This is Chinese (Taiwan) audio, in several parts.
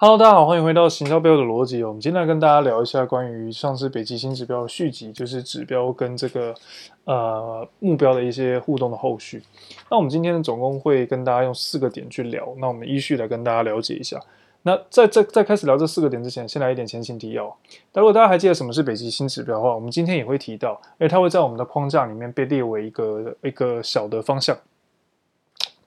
Hello，大家好，歡迎回到行銷的邏輯。我們今天來跟大家聊一下關於上次北極星指標的續集，就是指標跟這個呃目標的一些互動的後續。那我們今天總共會跟大家用四個點去聊，那我們依序來跟大家了解一下。那在在在開始聊這四個點之前，先來一點前情提要。但如果大家還記得什麼是北極星指標的話，我們今天也會提到，因為，它會在我們的框架裡面被列為一個一個小的方向。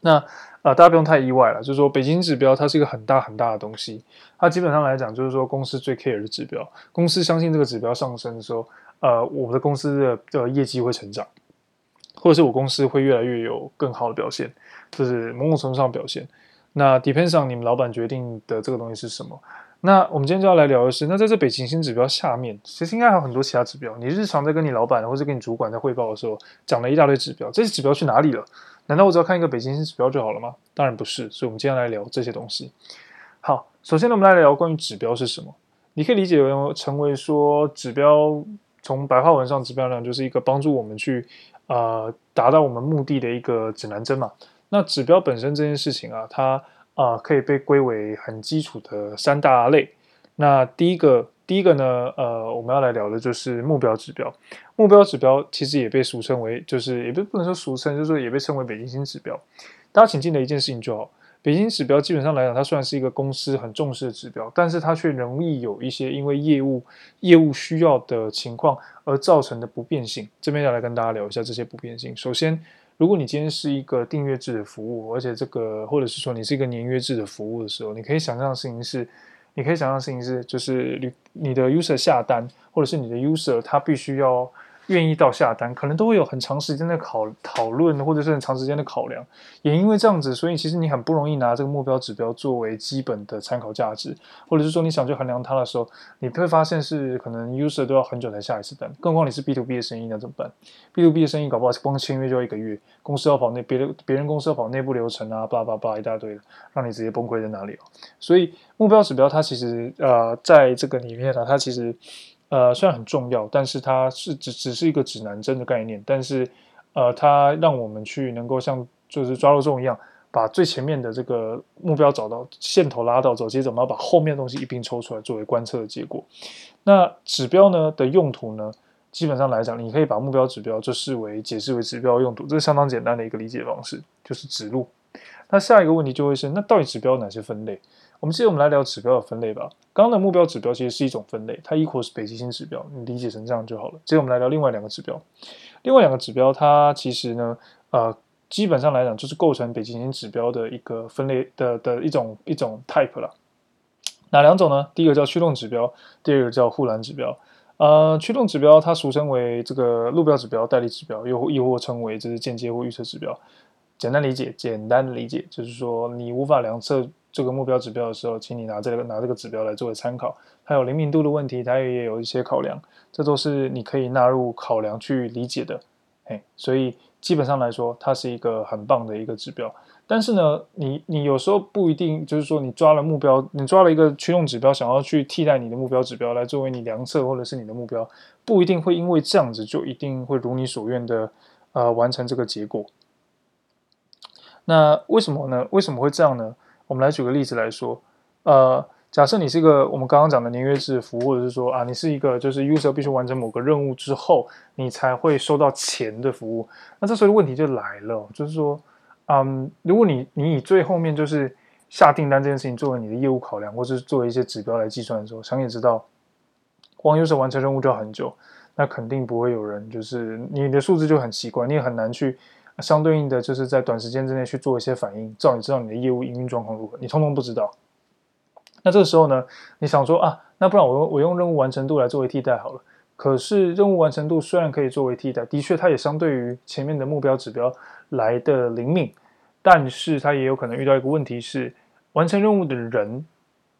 那啊、呃，大家不用太意外了，就是說北極星指標它是一個很大很大的東西，它基本上來講就是說公司最 care 的指標，公司相信這個指標上升的時候，呃，我們的公司的、呃、業績會成長，或者是我公司會越來越有更好的表現，就是某種程度上的表現。那 depends on 你們老闆決定的這個東西是什麼。那我們今天就要來聊的是，那在這北極星指標下面，其實應該還有很多其他指標。你日常在跟你老闆或者跟你主管在彙報的時候，講了一大堆指標，這些指標去哪裡了？難道我只要看一個北極星指標就好了嗎？當然不是。所以，我們今天來聊這些東西。好，首先呢，我們來聊關於指標是什麼。你可以理解為成為說，指標從白話文上，指標量就是一個幫助我們去呃達到我們目的的一個指南針嘛。那指標本身這件事情啊，它。啊、呃，可以被歸為很基礎的三大類。那第一個，第一個呢，呃，我們要來聊的就是目標指標。目標指標其實也被俗稱為，就是也不不能說俗稱，就是也被稱為北極星指標。大家請記得一件事情就好，北極星指標基本上來講，它雖然是一個公司很重視的指標，但是它卻容易有一些因為業務業務需要的情況而造成的不變性。這邊要來跟大家聊一下這些不變性。首先，如果你今天是一個訂閱制的服務，而且這個或者是說你是一個年約制的服務的時候，你可以想象的事情是，你可以想象事情是，就是你你的 user 下單，或者是你的 user 他必須要。願意到下單，可能都會有很長時間的考討論，或者是很長時間的考量。也因為這樣子，所以其實你很不容易拿這個目標指標作為基本的參考價值，或者是說你想去衡量它的時候，你會發現是可能 user 都要很久才下一次單。更何況你是 B to B 的生意那，那怎麼辦？B to B 的生意搞不好光簽約就要一個月，公司要跑內別的別人公司要跑內部流程啊，叭叭叭一大堆的，讓你直接崩潰在哪裡。所以目標指標它其實呃，在這個裡面呢、啊，它其實。呃，雖然很重要，但是它是只只是一個指南針的概念，但是，呃，它讓我們去能夠像就是抓肉粽一樣，把最前面的這個目標找到，線頭拉到之後，接着我們要把後面的東西一併抽出來作為觀測的結果。那指標呢的用途呢，基本上來講，你可以把目標指標就視為解釋為指標用途，這是相當簡單的一個理解方式，就是指路。那下一個問題就會是，那到底指標有哪些分類？我們接着，我們來聊指標的分類吧。剛剛的目標指標其實是一種分類，它亦或是北極星指標，你理解成這樣就好了。接着，我們來聊另外兩個指標。另外兩個指標，它其實呢，呃，基本上來講就是構成北極星指標的一個分類的的，的，的一種一種 type 了。哪兩種呢？第一個叫驅動指標，第二個叫護欄指標。呃，驅動指標它俗稱為這個路標指標、代理指標，又又或稱為這是間接或預測指標。簡單理解，簡單理解就是說，你無法量測，這個目標指標的時候，請你拿這個拿這個指標來作為參考，還有靈敏度的問題，它也有一些考量，這都是你可以納入考量去理解的。嘿，所以基本上來說，它是一個很棒的一個指標。但是呢，你你有時候不一定就是說你抓了目標，你抓了一個驅動指標，想要去替代你的目標指標來作為你量測或者是你的目標，不一定會因為這樣子就一定會如你所願的，呃，完成這個結果。那為什麼呢？為什麼會這樣呢？我們來舉個例子來說，呃，假設你是一個我們剛剛講的年月制服務，或者是說啊，你是一個就是 user 必須完成某個任務之後，你才會收到錢的服務。那這時候問題就來了，就是說，嗯，如果你你以最後面就是下訂單這件事情作為你的業務考量，或者是作為一些指標來計算的時候，想也知道，光 user 完成任務就要很久，那肯定不會有人，就是你的數字就很奇怪，你也很難去。相對應的就是在短時間之內去做一些反應，至少你知道你的業務營運狀況如何，你通通不知道。那這個時候呢，你想說啊，那不然我用我用任務完成度來作為替代好了。可是任務完成度雖然可以作為替代，的確它也相對於前面的目標指標來得靈敏，但是它也有可能遇到一個問題是，完成任務的人，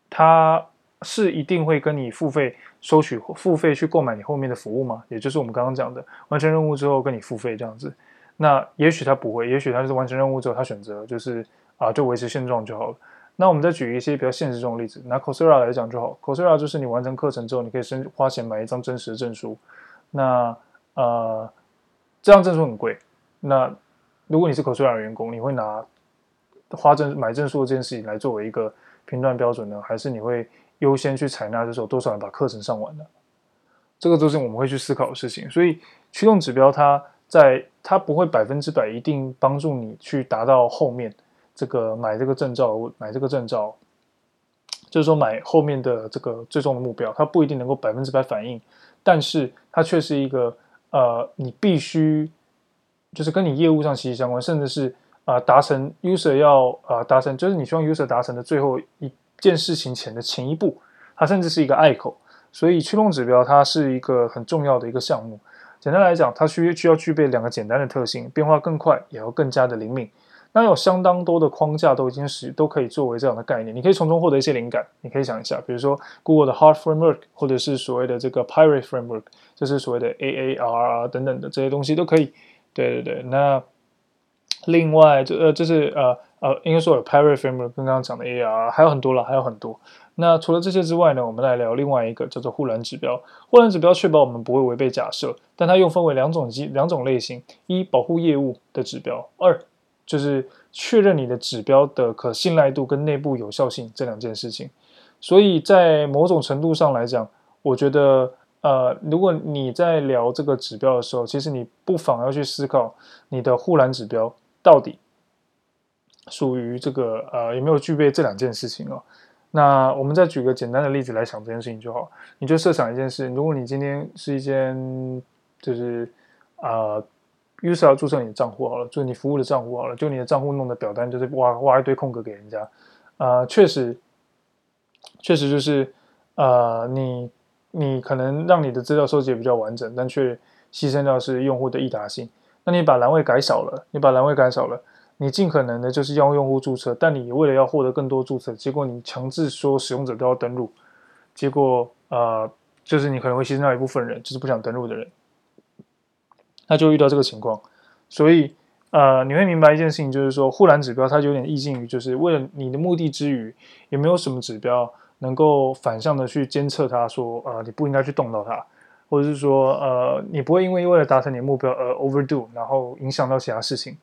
他是一定會跟你付費收取付費去購買你後面的服務嗎？也就是我們剛剛講的，完成任務之後跟你付費這樣子。那也許他不會，也許他是完成任務之後，他選擇就是啊，就維持現狀就好了。那我們再舉一些比較現實中的例子，拿 Coursera 來講就好。Coursera 就是你完成課程之後，你可以先花錢買一張真實證書。那呃，這張證書很貴。那如果你是 Coursera 員工，你會拿花證買證書的這件事情來作為一個評斷標準呢，還是你會優先去採納這時候多少人把課程上完呢？這個都是我們會去思考的事情。所以驅動指標它。在它不會百分之百一定幫助你去達到後面這個買這個證照買這個證照，就是說買後面的這個最終的目標，它不一定能夠百分之百反映，但是它卻是一個呃，你必須就是跟你業務上息息相關，甚至是啊、呃、達成 user 要啊、呃、達成，就是你希望 user 達成的最後一件事情前的前一步，它甚至是一個隘口，所以驅動指標它是一個很重要的一個項目。簡單來講，它需需要具備兩個簡單的特性：變化更快，也要更加的靈敏。那有相當多的框架都已經是都可以作為這樣的概念，你可以從中獲得一些靈感。你可以想一下，比如說 Google 的 HEART Framework，或者是所謂的這個 Pirate Framework，就是所謂的 AAR 等等的這些東西都可以。對對對，那另外就呃就是呃。呃，應該說有 Pirate Framework，跟剛剛講的 AR 還有很多啦，還有很多。那除了這些之外呢，我們來聊另外一個叫做護欄指標。護欄指標確保我們不會違背假設，但它又分為兩種機兩種類型：一、保護業務的指標；二、就是確認你的指標的可信賴度跟內部有效性這兩件事情。所以在某種程度上來講，我覺得，呃，如果你在聊這個指標的時候，其實你不妨要去思考你的護欄指標到底。屬於這個呃，有沒有具備這兩件事情哦？那我們再舉個簡單的例子來想這件事情就好。你就設想一件事：如果你今天是一間就是啊、呃、，user 註冊你的賬戶好了，就你服務的賬戶好了，就你的賬戶弄的表單就是挖挖一堆空格給人家。啊、呃，確實，確實就是啊、呃，你你可能讓你的資料收集也比較完整，但卻犧牲掉是用戶的易達性。那你把欄位改少了，你把欄位改少了。你盡可能的就是要用戶註冊，但你為了要獲得更多註冊，結果你強制說使用者都要登錄，結果呃，就是你可能會犧牲掉一部分人，就是不想登錄的人，那就遇到這個情況。所以呃，你會明白一件事情，就是說護欄指標它有點意境於，就是為了你的目的之餘，也沒有什麼指標能夠反向的去監測它，說啊、呃、你不應該去動到它，或者是說呃你不會因為為了達成你的目標而 overdo，然後影響到其他事情。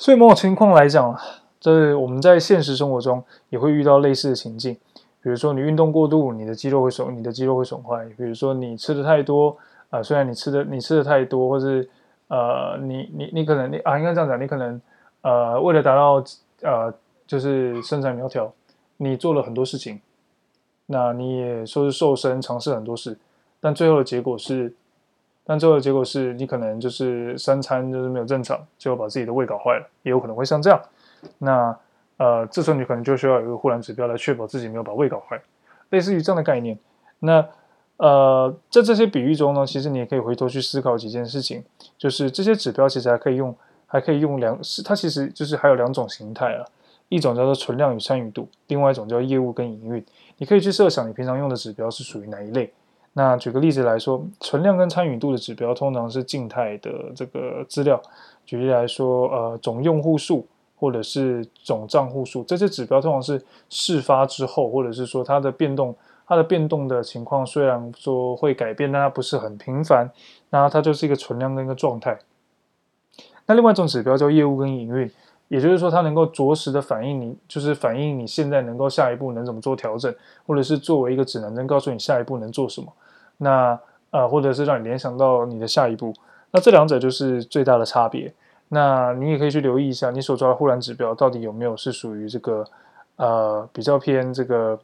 所以某種情況來講，就是我們在現實生活中也會遇到類似的情境，比如說你運動過度，你的肌肉會損，你的肌肉會損壞，比如說你吃的太多，啊、呃，雖然你吃的你吃的太多，或是，呃，你你你可能你啊應該這樣講，你可能呃為了達到呃就是身材苗條，你做了很多事情，那你也說是瘦身，嘗試了很多事，但最後的結果是。但最後的結果是，你可能就是三餐就是沒有正常，就把自己的胃搞壞了，也有可能會像這樣。那呃，這時候你可能就需要有一個護欄指標來確保自己沒有把胃搞壞，類似於這樣的概念。那呃，在這些比喻中呢，其實你也可以回頭去思考幾件事情，就是這些指標其實還可以用，還可以用兩，它其實就是還有兩種形態啊，一種叫做存量與參與度，另外一種叫業務跟營運。你可以去設想你平常用的指標是屬於哪一類。那舉個例子來說，存量跟參與度的指標通常是靜態的這個資料。舉例來說，呃，總用戶數或者是總賬戶數這些指標，通常是事發之後或者是說它的變動，它的變動的情況雖然說會改變，但它不是很頻繁。那它就是一個存量的一個狀態。那另外一種指標叫業務跟營運。也就是說，它能夠着實的反映你，就是反映你現在能夠下一步能怎麼做調整，或者是作為一個指南針，告訴你下一步能做什麼。那呃，或者是讓你聯想到你的下一步。那這兩者就是最大的差別。那你也可以去留意一下，你所抓的護欄指標到底有沒有是屬於這個呃比較偏這個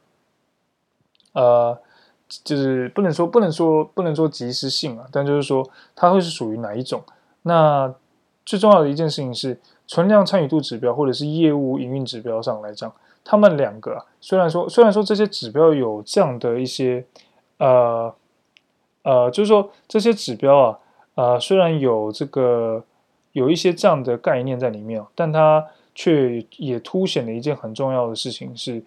呃，就是不能說不能說不能說及時性啊，但就是說它會是屬於哪一種。那最重要的一件事情是。存量參與度指標，或者是業務營運指標上來講，他們兩個啊，雖然說，雖然說這些指標有這樣的一些，呃，呃，就是說這些指標啊，呃，雖然有這個有一些這樣的概念在裡面啊，但它卻也凸顯了一件很重要的事情是，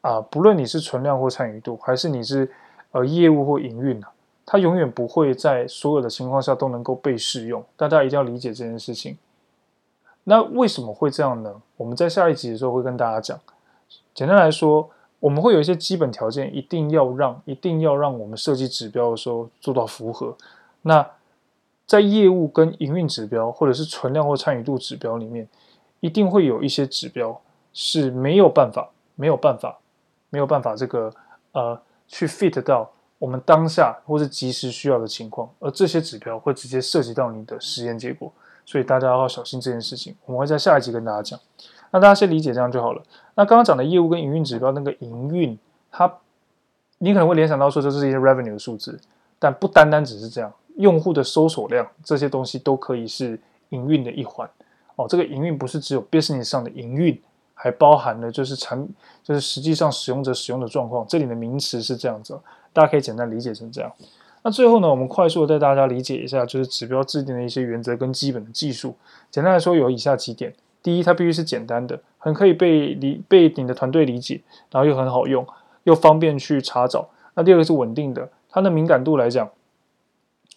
啊，呃，不論你是存量或參與度，還是你是呃業務或營運啊，它永遠不會在所有的情況下都能夠被適用。大家一定要理解這件事情。那為什麼會這樣呢？我們在下一集的時候會跟大家講。簡單來說，我們會有一些基本條件，一定要讓一定要讓我們設計指標的時候做到符合。那在業務跟營運指標，或者是存量或參與度指標裡面，一定會有一些指標是沒有辦法、沒有辦法、沒有辦法這個呃去 fit 到我們當下或者即時需要的情況，而這些指標會直接涉及到你的實驗結果。所以大家要小心這件事情，我們會在下一集跟大家講。那大家先理解這樣就好了。那剛剛講的業務跟營運指標，那個營運，它你可能會聯想到說，這是一些 revenue 的數字，但不單單只是這樣，用戶的搜索量這些東西都可以是營運的一環。哦，這個營運不是只有 business 上的營運，還包含了就是產，就是實際上使用者使用的狀況。這裡的名詞是這樣子，大家可以簡單理解成這樣。那最後呢，我們快速的帶大家理解一下，就是指標制定的一些原則跟基本的技術。簡單來說，有以下幾點：第一，它必須是簡單的，很可以被理被你的團隊理解，然後又很好用，又方便去查找。那第二個是穩定的，它的敏感度來講，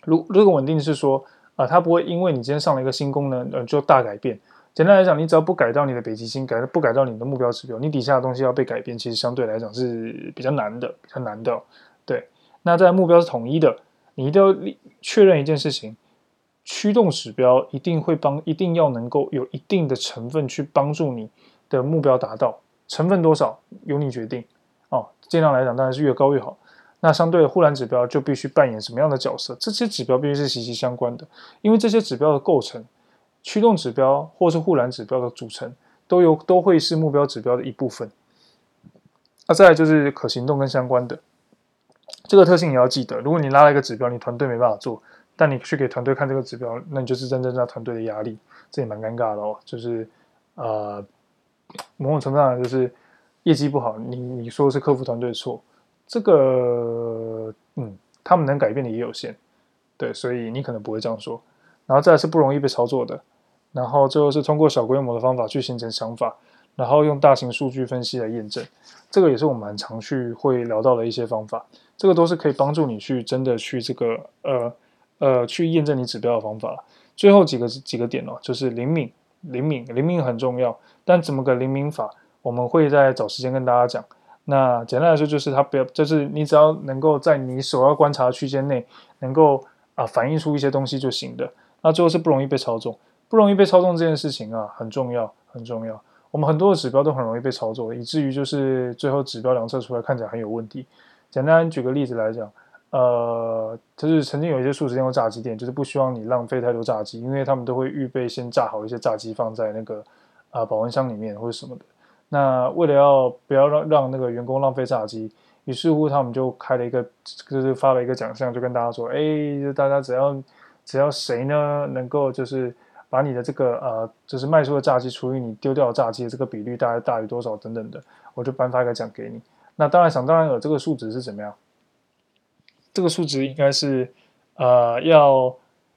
如果如果穩定是說啊、呃，它不會因為你今天上了一個新功能，而、呃、就大改變。簡單來講，你只要不改到你的北極星，改不改到你的目標指標，你底下的東西要被改變，其實相對來講是比較難的，比較難的、哦，對。那在目標是統一的，你一定要確認一件事情，驅動指標一定會幫，一定要能夠有一定的成分去幫助你的目標達到，成分多少由你決定，哦，盡量來講當然是越高越好。那相對的護欄指標就必須扮演什麼樣的角色？這些指標必須是息息相關的，因為這些指標的構成，驅動指標或是護欄指標的組成，都有，都會是目標指標的一部分。那、啊、再來就是可行動跟相關的。這個特性也要記得。如果你拉了一個指標，你團隊沒辦法做，但你去給團隊看這個指標，那你就是真正在加團隊的壓力，這也蠻尷尬的哦。就是，呃，某種程度上就是業績不好，你你說是客服團隊錯，這個，嗯，他們能改變的也有限，對，所以你可能不會這樣說。然後再是不容易被操作的，然後最後是通過小規模的方法去形成想法。然後用大型數據分析來驗證，這個也是我們常去會聊到的一些方法。這個都是可以幫助你去真的去這個呃呃去驗證你指標的方法了。最後幾個幾個點哦，就是靈敏靈敏靈敏很重要，但怎麼個靈敏法，我們會再找時間跟大家講。那簡單來說就是它不要，就是你只要能夠在你首要觀察的區間內能夠啊、呃、反映出一些東西就行的。那最後是不容易被操縱，不容易被操縱這件事情啊很重要很重要。很重要我們很多的指標都很容易被操作，以至於就是最後指標量測出來看起來很有問題。簡單舉個例子來講，呃，就是曾經有一些速食店或炸雞店，就是不希望你浪費太多炸雞，因為他們都會預備先炸好一些炸雞放在那個呃保溫箱裡面或者什麼的。那為了要不要讓讓那個員工浪費炸雞，於是乎他們就開了一個，就是發了一個獎項，就跟大家說，哎，大家只要只要誰呢能夠就是。把你的這個呃，就是賣出的炸雞除以你丟掉的炸雞，這個比率大概大於多少等等的，我就頒發一個獎給你。那當然想，當然有這個數值是怎麼樣？這個數值應該是呃要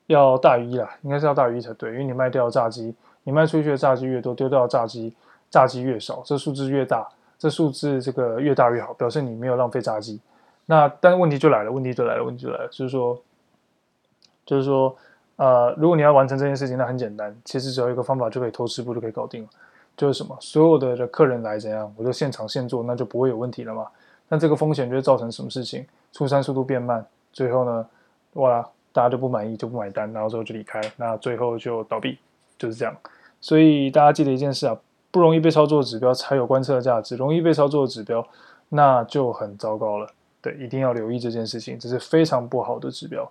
要大於一啦，應該是要大於一才對，因為你賣掉的炸雞，你賣出去的炸雞越多，丟掉的炸雞炸雞越少，這數字越大，這數字這個越大越好，表示你沒有浪費炸雞。那但是問題就來了，問題就來了，問題就來了，就是說，就是說。呃，如果你要完成這件事情，那很簡單，其實只要一個方法就可以偷吃不就可以搞定了？就是什麼所有的、的客人來怎樣，我就現場現做，那就不會有問題了嘛。但這個風險就會造成什麼事情？出餐速度變慢，最後呢，哇，大家就不滿意就不買單，然後最後就離開，那最後就倒閉，就是這樣。所以大家記得一件事啊，不容易被操作指標才有觀測的價值，容易被操作的指標那就很糟糕了。對，一定要留意這件事情，這是非常不好的指標。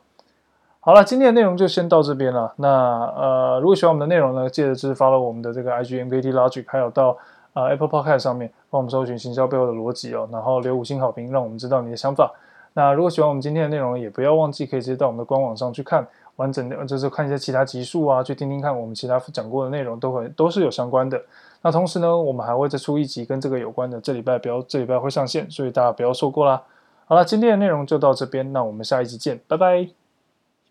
好了，今天的內容就先到這邊了。那呃，如果喜歡我們的內容呢，記得就是發到我們的這個 IG MKT Logic，還有到啊、呃、Apple Podcast 上面幫我們搜尋行銷背後的邏輯哦。然後留五星好評，讓我們知道你的想法。那如果喜歡我們今天的內容，也不要忘記可以直接到我們的官網上去看完整的，就是看一些其他集數啊，去聽聽看我們其他講過的內容，都很、都是有相關的。那同時呢，我們還會再出一集跟這個有關的，這禮拜不要，這禮拜會上線，所以大家不要錯過啦。好了，今天的內容就到這邊，那我們下一集見，拜拜。